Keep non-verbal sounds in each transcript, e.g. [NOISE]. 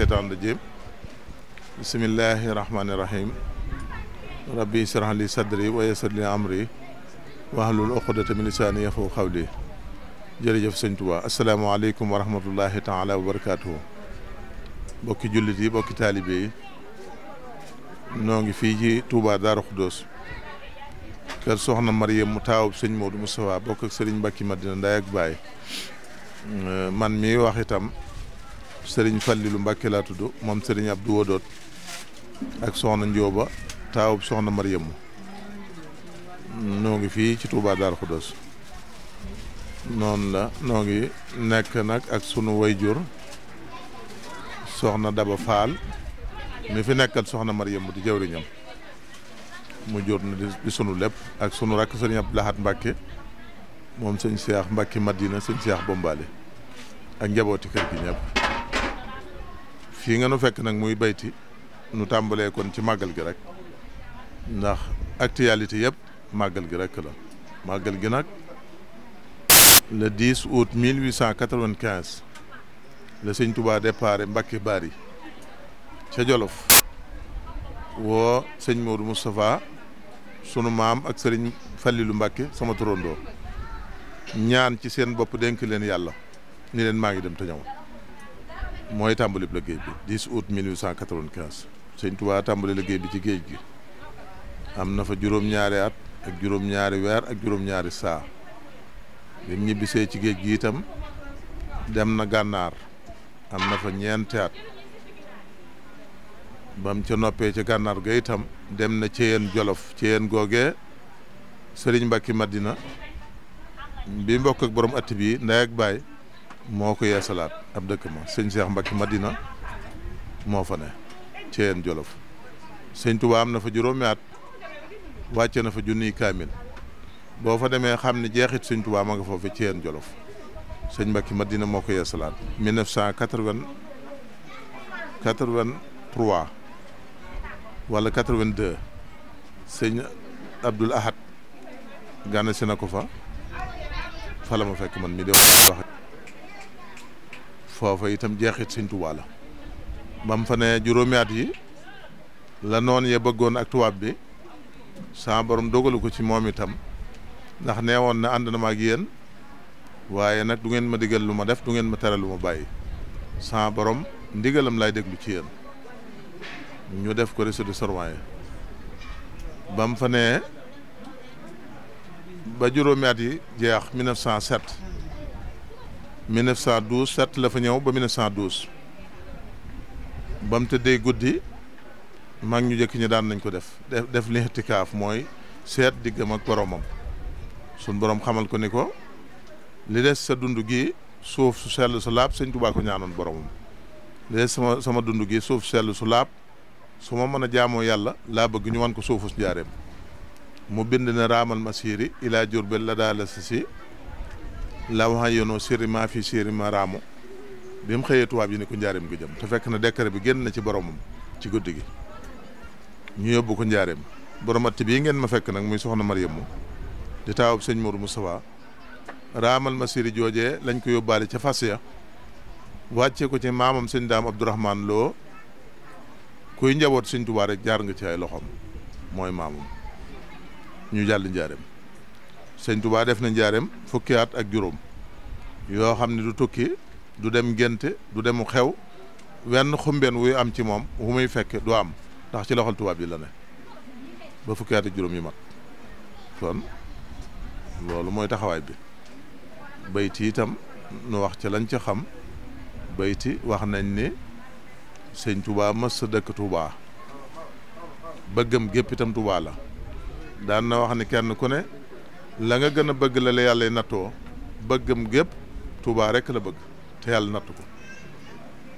seytaan rajim bismillahi rahmaani rahim rabbi israh li sadri wa yassir li amri wahlul uqdata min lisaani yafqahu qawli jërëjëf sëñ Tuubaa asalaamaaleykum wa rahmatullahi taala wa bokki jullit bokki taalibe noo ngi fii ci Touba Darou Khoudoss kër soxna Mariyam mu taawub sëñ Modou Moustapha bokk ak sëriñ Mbacke Madina Ndaye ak Baye man mii wax itam sëriñ Fallilu Mbàkke laa tudd moom sëriñ Abdou Wodoot ak soxna Njóoba taawub soxna Maryamu noo ngi fii ci Touba Darou Khoudoss noonu la noo ngi nekk nag ak sunu wayjur soxna Daba Faal mi fi nekkal soxna Maryamu di jawriñam mu jur na di sunu lépp ak sunu rakk sëriñ Abdou Lahat Mbàkke moom sëñ Seex Mbàkke Madina sëñ Seex Bombaale ak njabooti kër gi ñëpp fii nga nu fekk nag muy bayti nu tàmbalee kon ci màggal gi rek ndax actualité yëpp màggal gi rek la màggal gi nag le 10 août 1895 la sëñ Touba déparé mbakki Bari ca Jolof woo sëñ Modou Moustapha sunu maam ak sëriñ Fallilu Mbacke sama turandoo ñaan ci seen bopp dénk leen yàlla ni leen maa ngi dem te ñëw mooy tàmbali liggéey bi 10 août 1895 sëñ Touba tàmbali liggéey bi ci géej gi am na fa juróom-ñaari at ak juróom-ñaari weer ak juróom-ñaari saa bi mu ñibbisee ci géej gi itam dem na gànnaar am na fa ñeenti at ba ca noppee ca gànnaar ga itam dem na Ceyeen Jolof Ceyeen googee Sëriñ Mbàkke maddina bi mbokk ak borom att bi ndey ak baay moo ko yeesalaat ab dëkk ma sëñ Cheikh Mbacke Madina moo fa ne Thièyène Jolof sëñ Touba am na fa juróomi at wàcce na fa junniy kaamil boo fa demee xam ne jeexit sëñ Touba ma nga foofu Thièyène Jolof sëñ Mbacke Madina moo ko yeesalaat 1983 wala 82 sëñ Abdoul Ahad gànna si na ko fa fa ma fekk man mi di wax foofa itam jeexit sëñ Tuubaa ba mu fa ne juróomi yi la noon ya bëggoon ak tuwaab bi saa borom dogalu ko ci moom itam ndax nee woon na ànd na ma ak yéen waaye nag du ngeen ma digal lu ma def du ngeen ma tere lu ma bàyyi saa borom ndigalam lay déglu ci yeen ñu def ko réseau de surveillance ba mu fa ne ba juróomi yi jeex 1907. 1912 certes la fa ñëw ba 1912 ba mu tëddee guddi mag ñu jëkk ñi daan nañ ko def def def li mooy seet diggam ak boromam suñ borom xamal ni ko li des sa dund gi suuf su sell su laab sëñ Tuubaa ko ñaanoon boromam sama sama dund gi suuf su sell su laab su ma mën a jaamoo yàlla laa bëgg ñu wan ko suufu su jaareem mu bind na raamal ma masiri ilaa Jurbel la daal la si si la wax yoonoo siri maa fi siri ma raamo bi mu xëyee tuwaab yi ne ko njaareem gi jëm te fekk na décret bi génn na ci boromam ci guddi gi ñu yóbbu ko njaareem borom att bii ngeen ma fekk nag muy soxna Mariam moom di taawub sëñ Mourou Moustapha raamal ma siri joojee lañ ko yóbbaale ca fas ya wàcce ko ci maamam seen daam Abdourahman loo kuy njaboot sëñ Tuubaa rek jaar nga ci ay loxoom mooy maamam ñu jàll njaareem sëñ Touba def na njaareem fukki at ak juróom yoo xam ne du tukki du dem ngénte du demu xew wenn xumbeen wuy am ci moom wu muy fekk du am ndax ci loxol tubaab yi la ne ba fukki at ak juróom yu mag kon loolu mooy taxawaay bi bayti itam nu wax ci lañ ci xam bayti wax nañ ni sëñ tubaa mës sa dëkk Touba bëggam gépp itam Touba la daan na wax ni kenn ku ne la nga gën a bëgg la la yàlla nattoo bëggam gépp tuubaa rek la bëgg te yàlla nattu ko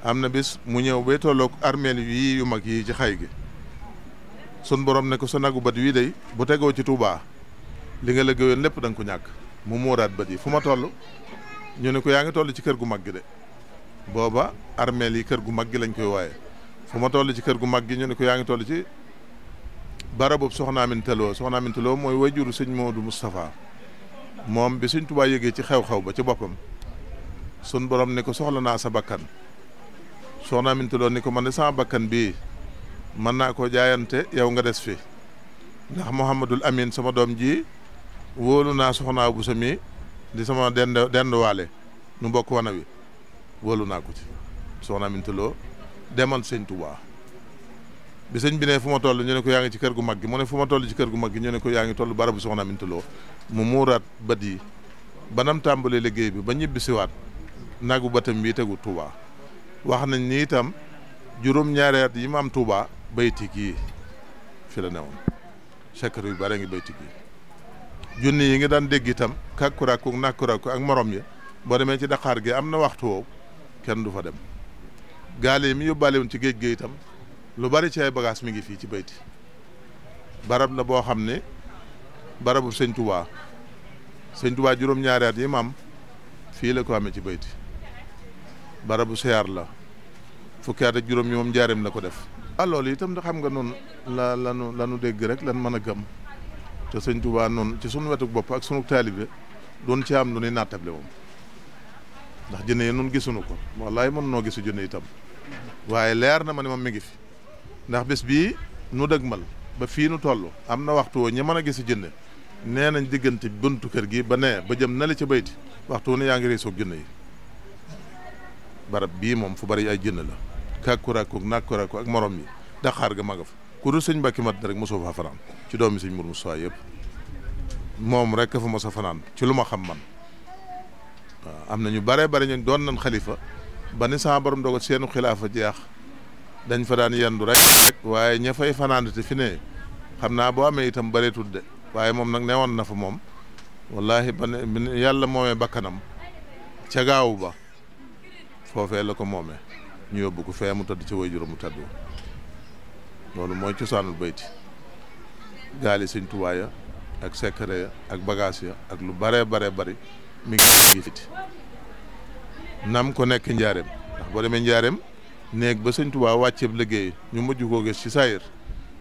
am na bis mu ñëw bay tolloog armeel yii yu mag yii ci xay gi sun borom ne ko sa nagu bët wii day bu tegoo ci tuubaa li nga liggéeyoon lépp da ko ñàkk mu muuraat bët yi fu ma toll ñu ne ko yaa ngi toll ci kër gu mag gi de booba armeel yi kër gu mag gi lañ koy waaye fu ma toll ci kër gu mag gi ñu ne ko yaa ngi tollu ci barabub soxna Aminta Lo soxna Aminta Lo mooy wajuru sëñ Moodu moom bi sëñ Tuubaa yëgee ci xew-xew ba ci boppam sun borom ne ko soxla naa sa bakkan soxna Aminta Lo ni ko man de sama bakkan bii mën naa koo jaayante yow nga des fi ndax Mouhamadul Amin sama doom ji wóolu naa soxnaa bu sa mi di sama dend denduwaale nu bokk wana wi wóolu naa ko ci soxna Aminta demal sëñ Tuubaa bi sëñ bi ne fu ma toll ñu ne ko yaa ngi ci kër gu mag gi mu ne fu ma toll ci kër gu mag gi ñu ne ko yaa ngi toll barabu soxna Aminta mu muuraat bët yi banam tàmbalee liggéey bi ba ñibbi siwaat nagu batam bii tegu Touba wax nañ ni itam juróom-ñaari yi mu am Touba bayti kii fi la newoon chakar yu bare ngi bayti kii junni yi ngi daan dégg itam kàkkuraaku nàkkuraaku ak morom yi boo demee ci daqaar gi am na waxtu woowu kenn du fa dem gaale mi yóbbaale ci géej gi itam lu bari ci ay bagage mi ngi fii ci bayti barab la boo xam ne barabu sëñtuwaa Touba sëñ Touba juróom-ñaari at yi maam fii la ko amee ci bayti barabu siyaar la fukki at ak juróom yi njaareem la ko def allool ah, loolu itam da xam nga noon la lanu lanu dégg rek lan mën a gëm te sëñ Touba noonu ci sunu wetuk bopp ak sunu taalibe doon ci am lu nuy nattable moom ndax jëne yi nun gisuñu ko wallaay mën noo gisu jëne itam waaye leer na ma ne moom mi ngi fi ndax bés bii nu dëgmal ba fii nu toll am na waxtu woo ñi mën a gis jënd nee nañ diggante buntu kër gi ba nee ba jëm nale ca bayti waxtu ne yaa ngi soo jënd yi barab bii moom fu bari ay jënd la kàkkuraaku nàkkuraaku ak morom yi daqaar ga maga fa ku dul sëñ mbakki mat rek mosoo faa fanaan ci doomi sëñ Mourou Moussa yëpp moom rek fu mos a fanaan ci lu ma xam man waaw am na ñu bare bare ñu doon nañ xalifa ba ni sama borom dogal seenu jeex dañ fa daan yendu rek waaye ña fay fanaandate fi ne xam naa boo amee itam bëreetul de waaye moom nag newoon na fa moom wallahi ba ne yàlla moomee bakkanam ca gaawu ba foofee la ko moomee ñu yóbbu ko fee mu tëdd ci wayjur mu tëdd loolu mooy cosaanul bayti gaali sëñ Tuubaa ak secret ya ak bagage ya ak lu bare bare bari mi ngi fiti nam ko nekk njaareem ndax boo njaareem néeg ba sëñ Tuubaa wàcceeb liggéey ñu mujj koo gis ci saayir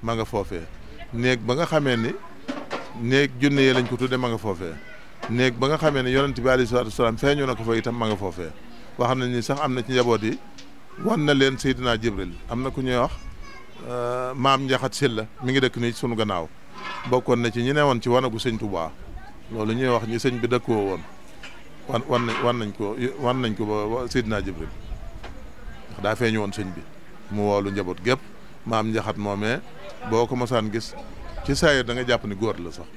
ma nga foofee néeg ba nga xamee ni néeg junne yi lañ ko tudde ma nga foofee néeg ba nga xamee ni yonent bi alayhi salaatu wasalaam feeñu na ko fa itam ma nga foofee wax nañ ni sax am na ci njaboot yi wan na leen Seydina Jibril am na ku ñuy wax euh, maam Njaxat Silla mi ngi dëkk nii sunu gannaaw bokkoon na ci ñi ne woon ci wanagu sëñ Tuubaa loolu ñuy wax ñi sëñ bi dëkkoo woon wan wan nañ ko wan nañ ko ba Seydina Jibril daa feeñ woon sëñ bi mu woolu njaboot gépp maam njaxat moomee boo ko mosaan gis ci saayir da jàpp ni góor la sax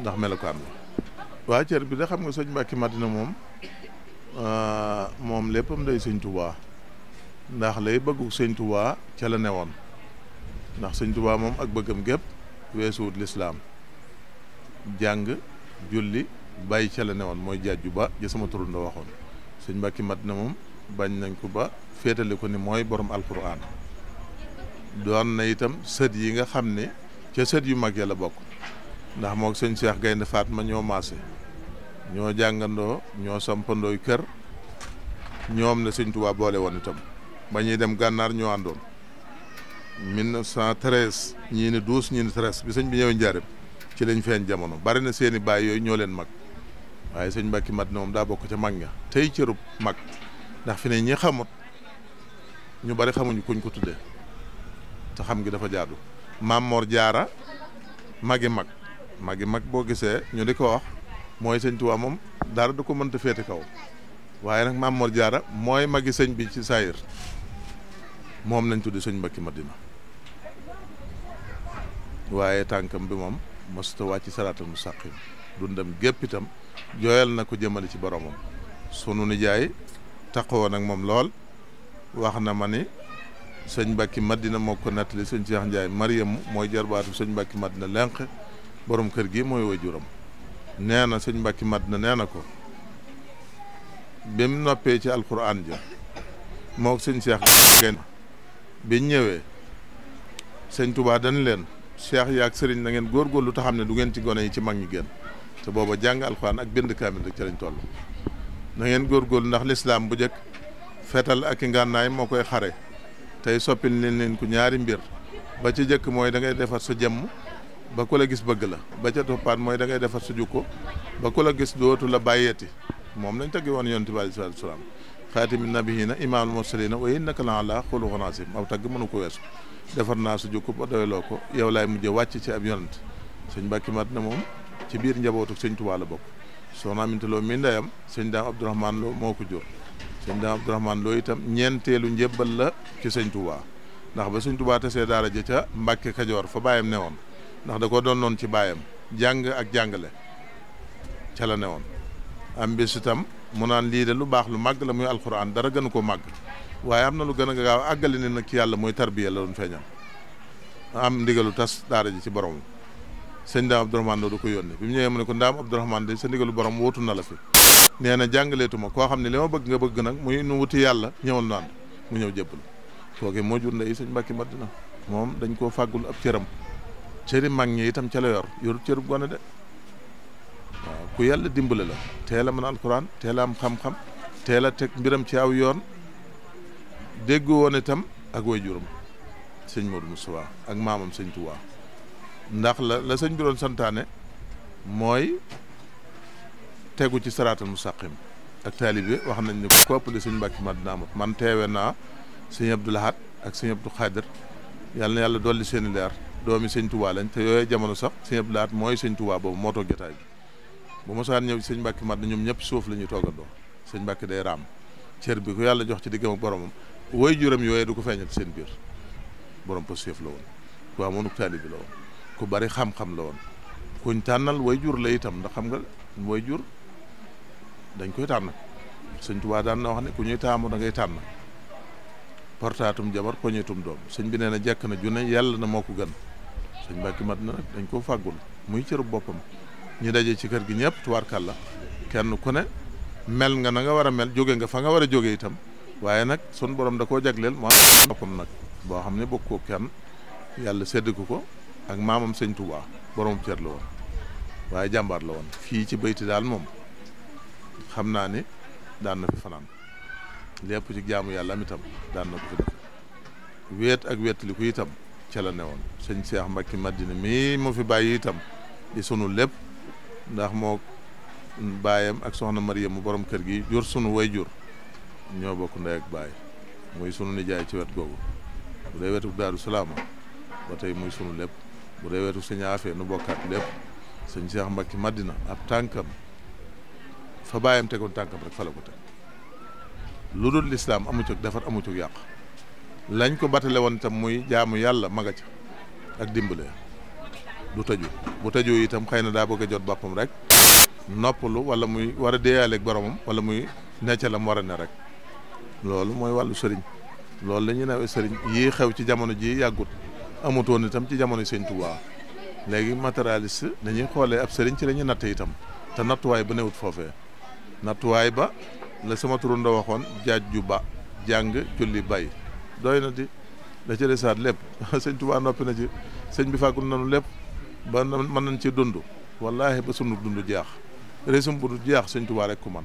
ndax melokaan la waa cer bi da xam nga sëñ Mbàkke Madina moom euh, moom léppam day sëñ Tuubaa ndax lay bëggu sëñ Tuubaa ca la ndax sëñ Tuubaa moom ak bëggam gépp weesuwut lislaam jàng julli bàyyi ca la newoon mooy jaaju ba ja sama turunda waxoon sëñ Mbàkke Madina moom bañ nañ ko ba féetale ko ni mooy borom alquran doon na itam sët yi nga xam ne ca sët yu mag ya la bokk ndax moog sëñ Cheikh Gaynde ma ñoo maase ñoo jàngandoo ñoo sampandooy kër ñoom na sëñ Tuubaa boole woon itam ba ñuy dem gànnaar ñoo àndoon 1913 ñii ni 12 ñii ni 13 bi sëñ bi ñëwee njaareem ci lañ feeñ jamono bari na seeni baay yooyu ñoo leen mag waaye sëñ Mbàkke mat na moom daa bokk ca mag ña tey cërub mag ndax fi ne ñi xamut ñu bari xamuñu kuñ ko tudde te xam gi dafa jaadu maam Mor Jaara magi mag magi mag boo gisee ñu di ko wax mooy sëñ moom dara du ko mënta féete kaw waaye nag maam Jaara mooy magi sëñ bi ci saayir moom lañ tuddi sëñ Mbàkke Madina waaye tànkam bi moom mosuta wàcc saraatal mustaqim dundam gépp itam jooyal na ko jëmale ci boromam sunu nijaay taqoo nag moom lool wax na ma ni sëñ Mbàkke Madina moo ko nettali sëñ Cheikh Ndiaye Mariam mooy jarbaatu sëñ Mbàkke Madina lenq borom kër gi mooy wajuram nee na sëñ Mbàkke Madina nee na ko bi mu noppee ci alquran ja moog sëñ Cheikh genn biñ ñëwee sëñ Touba dañ leen Cheikh yaag sëriñ na ngeen góorgóorlu te xam ne du ngeen ci gone yi ci mag ñi génn te booba jàng alquran ak bind kaamil rek ca lañ toll na ngeen góorgóorlu ndax lislaam bu njëkk fetal ak i ngànnaay moo koy xare tey soppil leen leen ku ñaari mbir ba ci njëkk mooy da ngay defar sa jëmm ba ku la gis bëgg la ba ca toppaat mooy da ngay defar sa jukko ba ku la gis dootu la bàyyeeti moom lañ tagge woon yonent bi aleyhi salaatu wa salaam xaatimi nabiyina imaamul mursalina wa innaka la ala xuluqin aziim aw tagg mënu ko weesu defar naa sa jukko ba doyloo ko yow laay mujjee wàcc ci ab yonent sëñ Mbàkke mat na moom ci biir njabootu sëñ Tuubaa la bokk soxna Aminta Lo mi ndeyam sëñ daam Abdourahmane moo ko jur sëñ daam Abdourahmane itam ñeenteelu njëbbal la ci sëñ Touba ndax ba sëñ Touba tasee daara ja ca Mbàkke Kajoor fa baayam woon ndax da ko doon noon ci baayam jàng ak jàngale ca la woon am bis itam mu naan lii de lu baax lu màgg la muy alxuraan dara gënu ko màgg waaye am na lu gën a gaaw àggale ne nak yàlla mooy tarbiya la doon feeñam am ndigalu tas daara ji ci borom sëñ daam Abdourahmane Lo du ko yónni bi mu ñëwee mu ne ko ndaam Abdourahmane de sa ndigalu borom wóotu na la fi nee na jàngaleetu ma koo xam ne li ma bëgg nga bëgg nag muy nu wuti yàlla ñëwal naan mu ñëw jébbal kooke moo jur ndey sëñ Mbàkke na moom dañ koo fàggul ab cëram cëri mag ñi itam ca la yor yoru cëru gone de waaw ku yàlla dimbale la teel a mën alquran teela am xam-xam teel a teg mbiram ci aw yoon dégg woon itam ak way juram sëñ Modou ak maamam sëñ Touba ndax la la sëñ bi doon santaane mooy tegu ci saraatal mustaqim ak taalibe wax nañ ne ko kopp li sëñ Mbàkke Madina amut man teewe naa sëñ Abdou Lahad ak sëñ Abdou Khadir yàlla yàlla dolli seen i leer doomi sëñ Touba lañ te yooyee jamono sax sëñ Abdou Lahad mooy sëñ Touba boobu moo toog jotaay bi bu mosaan ñëw ci sëñ Mbàkke ñoom ñëpp suuf lañuy ñuy toogandoo sëñ Mbàkke day raam cër bi ko yàlla jox ci diggam ak boromam woy juram yooyee du ko feeñal seen biir borom pos ku bari xam-xam la woon kuñ tànnal way jur la itam ndax xam nga way jur dañ koy tànn sëñ Tuubaa daan na wax ne ku ñuy taamu dangay tànn portaatum jabar poñetum doom sëñ bi neen na jekk na junne yàlla na moo ko gën sëñ Mbàkke mat na nag dañ koo fàggul muy cëru boppam ñu daje ci kër gi ñëpp tubaarkàlla kenn ku ne mel nga na nga war a mel jóge nga fa nga war a jóge itam waaye nag sun boroom da koo jagleel moo boppam nag boo xam ne bokkoo kenn yàlla sedd ko ko ak maamam sëñ waa borom cër la woon waaye jàmbaar woon fii ci bayti daal moom xam naa ni daan na fi fanaan lépp ci jaamu yàlla am itam daan na ko fi def weet ak weet li itam ca ne woon sëñ Cheikh mbakki Madina mi moo fi bàyyi itam di sunu lépp ndax moo baayam ak soxna Mariam mu boroom kër gi jur sunu way jur ñoo bokk ndey ak baay muy sunu nijaay ci wet googu bu dee wetu Daaru Salaama ba tey muy sunu lépp bu dee wetu sëñ Afee nu bokkaat lépp sëñ Cheikh mbakki Madina ab tànkam fa bàyyam tegoon tànkam rek fa la ko teg lu dul lislaam amu defar amu yàq lañ ko batale woon itam muy jaamu yàlla maga ak dimbale du tëju bu tëju itam xëy na daa bëgg a jot boppam rek noppalu wala muy war a deeyaaleeg boromam wala muy necca lam war a ne rek loolu mooy wàllu sëriñ loolu la nawee sëriñ yii xew ci jamono ji yàggut amutoon itam ci jamono sëñ Tuubaa léegi matérialiste dañuy xoolee ab sëriñ ci lañuy ñuy natt itam te nattuwaay ba newut foofee nattuwaay ba la sama turandoo waxoon jaaj ju ba jàng julli bay doy na di da ci desaat lépp [LAUGHS] sëñ Tuubaa noppi na ci sëñ bi fàggul nanu lépp ba mën nañ ci dund wallaahi ba sunu dund jeex résum bu du jeex sëñ Tuubaa rek ku man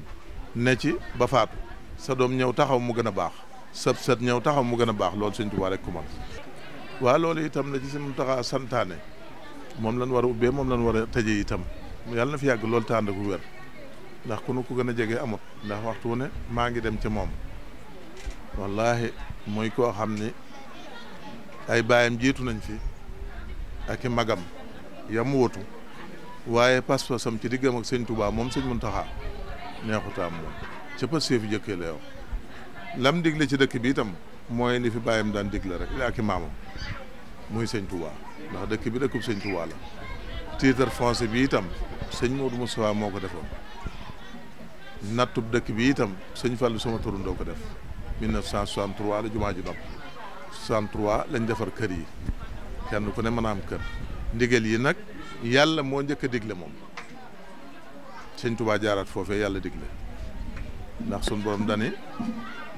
ne ci ba faatu sa doom ñëw taxaw mu gën a baax sëb sët ñëw taxaw mu gën a baax loolu sëñ Tuubaa rek ku man waa loolu itam la ci seen taxaa santaane moom lan war a ubbee moom lañ war a tëjee itam yàlla na fi yàgg loolu tànd ku wér ndax ku nu ko gën a jege amut ndax waxtu wu ne maa ngi dem ci moom wallaahi muy koo xam ni ay baayam jiitu nañ fi ak i magam yam wotu waaye pas-pasam ci diggam ak sëñ Touba moom sëñ Mountakha neexutaam moom ca pas seefu jëkkee la lam digle ci dëkk bi itam mooy li fi mu daan digle rek li ak i muy sëñ Touba ndax dëkk bi dëkkub sëñ Touba la titre foncier bi itam sëñ Modou Moustapha moo ko defoon nattub dëkk bi itam sëñ Fallou sama turandoo ko def 1963 la jumaa ji nopp 63 lañ defar kër yi kenn ku ne mën a am kër ndigal yi nag yàlla moo njëkk a digle moom sëñ Touba jaaraat foofee yàlla digle ndax sun borom dani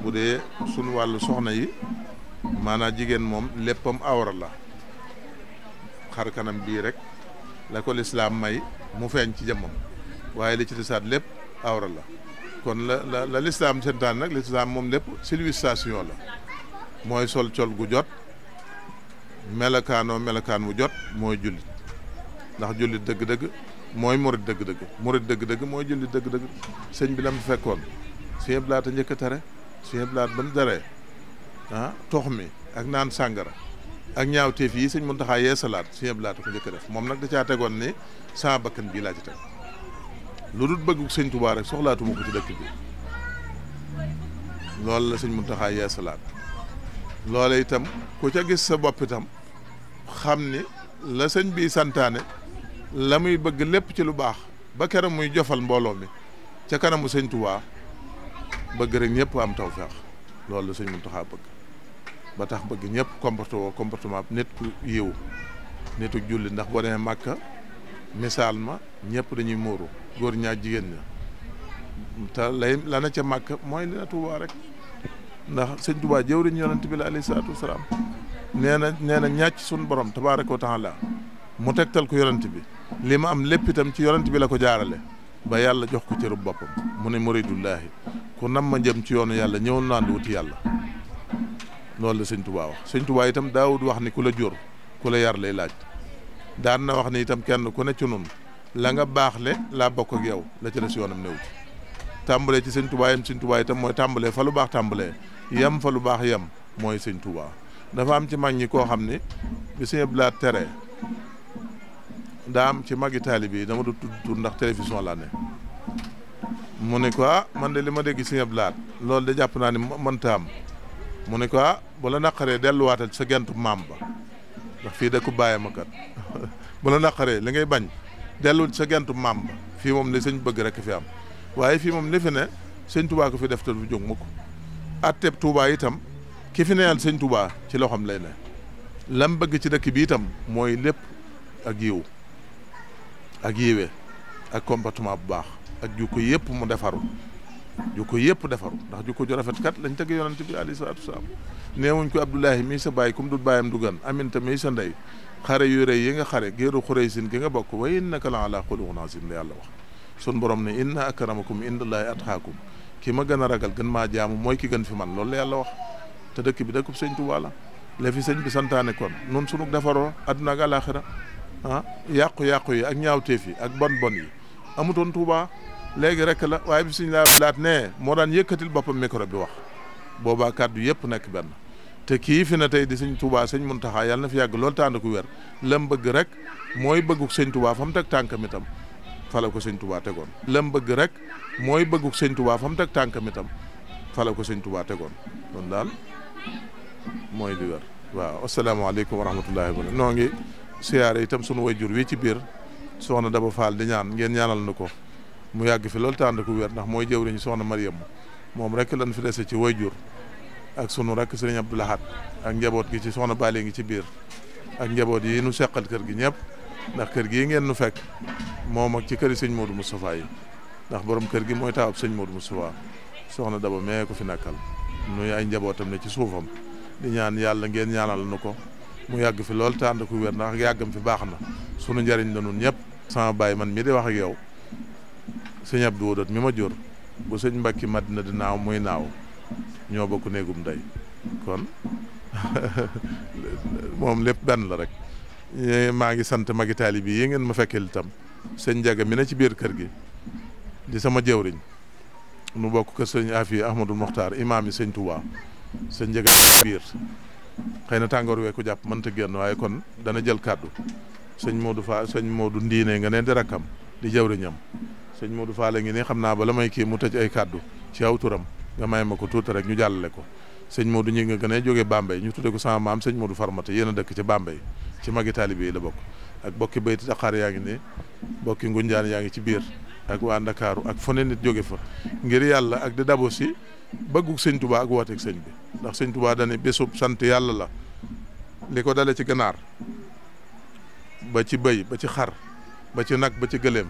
bu dee sunu wàllu soxna yi maanaam jigéen moom léppam awra la xar kanam bii rek la ko lislaam may mu feeñ ci jëmmam waaye li ci desaat lépp awra la kon la la la lislaam sentaan nag lislaam moom lépp civilisation la mooy sol col gu jot melokaanoo melokaan wu jot mooy jullit ndax jullit dëgg-dëgg mooy murit dëgg-dëgg murit dëgg-dëgg mooy jullit dëgg-dëgg sëñ bi la mu fekkoon sëñ bi laata njëkk a tere sëñ Abdou Lahad ba mu daree ah mi ak naan sàngara ak ñaaw ñaawteef yi sëñ Muntaxa yeesalaat sëñ Abdou Lahad ko njëkk def moom nag da caa tegoon ni saa bakkan bii laa ci teg lu dul bëggu sëñ Tuubaa rek soxlaatuma ko ci dëkk bi loolu la sëñ Muntaxa yeesalaat loola itam ku ca gis sa bopp itam xam ni la sëñ bi santaane la muy bëgg lépp ci lu baax ba keroog muy jofal mbooloo mi ca kanamu sëñ Tuubaa bëgg rek ñëpp am tawféex loolu la sëñ Muntaxa bëgg ba tax bëgg ñëpp comporte woo comportement nit ku yiw nit ku julli ndax boo demee Màkka misaal ma ñëpp dañuy muuru góor ñaa jigéen ña ta lay la na ca Màkka mooy li na Tuubaa rek ndax sëñ Tuubaa jëwriñ yonent bi la alayhi salaatu wasalaam nee na nee na ñàcc suñu borom tabaaraka wa la mu tegtal ko yonent bi lii ma am lépp itam ci yonent bi la ko jaarale ba yàlla jox ko cërub boppam mu ne muridullaahi ku nam ma jëm ci yoonu yàlla ñëwal naan wuti yàlla loolu la sëñ Tuubaa wax sëñ Tuubaa itam daawud wax ni ku la jur ku la yar lay laaj daan na wax ni itam kenn ku ne ci nun la nga baaxle laa bokk ak yow la ca des yoonam néew ci tàmbalee ci sëñ Tuubaa yam sëñ itam mooy tàmbalee fa lu baax tàmbalee yam fa lu baax yem mooy sëñ Tuubaa dafa am ci mag ñi koo xam ni bi sëñ Abdou Lahad tere daa am ci magi taalibe yi dama du tudd tur ndax télévision laa ne mu ne ko ah, man de li ma dégg si ñëpp laat loolu de jàpp naa ni mënta am mu ne ko ah, bu la naqaree delluwaatal ci sa gentu maam ba ndax fii dëkku bàyyam kat [LAUGHS] bu la naqaree li ngay bañ dellu sa gentu maam ba fii moom li sëñ bëgg rek fi am waaye fii moom li fi ne sëñ tubaa ko fi def te du jóg mukk àtteeb tuubaa itam ki fi neyal sëñ tubaa ci loxoom lay ne lam bëgg ci dëkk bi itam mooy lépp ak yiw ak yiwee ak comportement bu baax ak jukko yëpp mu defaru jukko yëpp defaru ndax jukko ju rafet kat lañ tëgg yonent bi alayhi salaatu wasalaam neewuñ ko Abdullahi mii sa bàyyi kum dul bàyyam dugan Aminta mii sa ndey xare yu rëy yi nga xare géeru xuraysin gi nga bokk wa innaka la ala xuluqin azim la yàlla wax sun borom ne inna akramakum indallahi atqaakum ki ma gën ragal gën maa jaamu mooy ki gën fi man loolu la wax te dëkk bi dëkkub sëñ Tuubaa la la fi sëñ bi santaane kon nun sunu defaroo adduna ak àlaaxira ah yàqu-yàqu yi ak ñaawteef fi ak bon bon yi amutoon Touba léegi rek la waaye bi suñ laa laat nee moo daan yëkkatil boppam micro bi wax boobaa kàddu yëpp nekk benn te kii fi na tey di sëñ Touba sëñ Muntaxa yàlla na fi yàgg loolu tànd ku wér lam bëgg rek mooy bëgguk sëñ Touba fa mu teg tànkam itam ko sëñ Touba tegoon lam bëgg rek mooy bëgguk sëñ Touba fa mu teg tànkamitam itam ko sëñ Touba tegoon loolu daal mooy li wér waaw asalaamaaleykum wa rahmatullahi wa noo ngi siyaare itam sunu wayjur wi ci biir soxna Daba Fall di ñaan ngeen ñaanal na ko mu yàgg fi loolu tànd ku wér ndax mooy jëwriñ soxna Mariam moom rek lañ fi dese ci wayjur ak sunu rek sëriñ Abdou ak njaboot gi ci soxna Bali ngi ci biir ak njaboot yi nu seqal kër gi ñëpp ndax kër gii ngeen nu fekk moom ci këri sëñ Modou Moustapha yi ndax borom kër gi mooy taawab sëñ Modou Moustapha soxna Daba mee ko fi nekkal nuy njabootam ne ci suufam di ñaan yàlla ngeen ñaanal nu ko mu yàgg fi lool tànd ku wér ndax yàggam fi baax na sunu njariñ la nun ñëpp sama baay man mii di wax ak yow sëñ Abdou Wodoot mi ma jur bu sëñ mbakki Madina di naaw muy naaw ñoo bokk néegum day kon [LAUGHS] moom lépp benn la rek eh, maa ngi sant magi taalibe yi ngeen ma fekkeel itam sëñ Njaga mi ne ci biir kër gi di sama jëwriñ nu bokk kër sëñ Afi Ahmadou Mokhtar imaam yi sëñ Touba sëñ Njaga biir xëy na tàngoor weeku ko jàpp mënta génn waaye kon dana jël kàddu sëñ Modou Fall sëñ Modou Ndiine nga neen di rakkam di jawriñam sëñ Modou Fall ngi ne xam naa ba la may kii mu tëj ay kàddu ci aw turam nga may ma ko tuuti rek ñu jàllale ko sëñ moodu ñi nga gën a jógee Bambey ñu tudde ko sama maam sëñ Modou Farmata yéen a dëkk ci Bambey ci magi taalibe yi bokk ak bokki bayti daqaar yaa ngi ne bokki ngunjaan yaa ngi ci biir ak waa ndakaaru ak fu ne nit jóge fa ngir yàlla ak di dabo si bëggug sëñ Touba ak wooteeg sëñ ndax sëñ Touba dane bésub sant yàlla la li ko dale ci ganaar ba ci bëy ba ci xar ba ci nag ba ci gëléem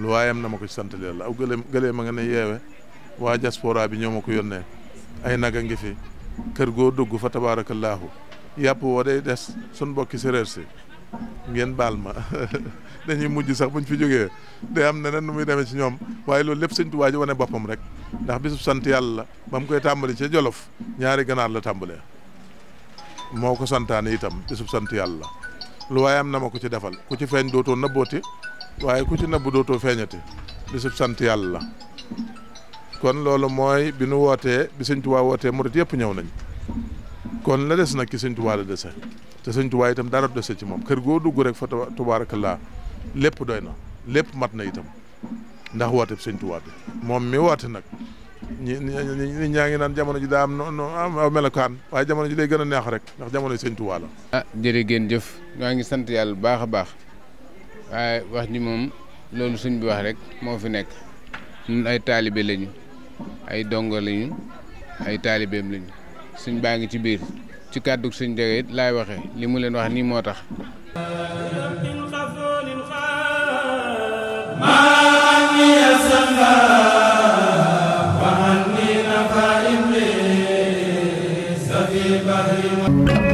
lu am na ma ko ci sant yàlla aw gëléem gëléem a nga ne yeewe waa diaspora bi ñoo ma ko yónnee ay nag a ngi fi kër goo dugg fa tabaarakallaahu yàpp woo day des sun bokki séréer si ngeen baal ma [LAUGHS] dañuy mujj sax buñ fi jógee day am neneen nu muy demee ci ñoom waaye loolu lépp sëñ Tuubaa ji wane boppam rek ndax bisub sant yàlla la ba mu koy tàmbali ca Jolof ñaari ganaar la tàmbalee moo ko santaane itam bisub sant yàlla lu waaye am na ma ku ci defal ku ci feeñ dootoo nëbbooti waaye ku ci nëbb dootoo feeñati bisub sant yàlla la kon loolu mooy bi nu wootee bi sëñ Tuubaa wootee murit yëpp ñëw nañ kon la des nag ki sëñ Tuubaa la dese te sëñ Tuubaa itam dara dese ci moom kër goo dugg rek fa tubaarakallaa lépp doy na lépp mat na itam ndax woote bi sëñ bi moom mi woote nag ñi ñaa ngi naan jamono ji daa am no am aw melokaan waaye jamono ji day gën a neex rek ndax jamono yi sëñ Tuubaa la. ah jërë ngeen jëf maa ngi sant yàlla bu baax a baax waaye wax ji moom loolu suñ bi wax rek moo fi nekk ñun ay taalibe lañu ay dongo lañu ay taalibeem lañu suñ baa ngi ci biir ci kàddu suñ jege it laay waxee li mu leen wax nii moo tax. ببهر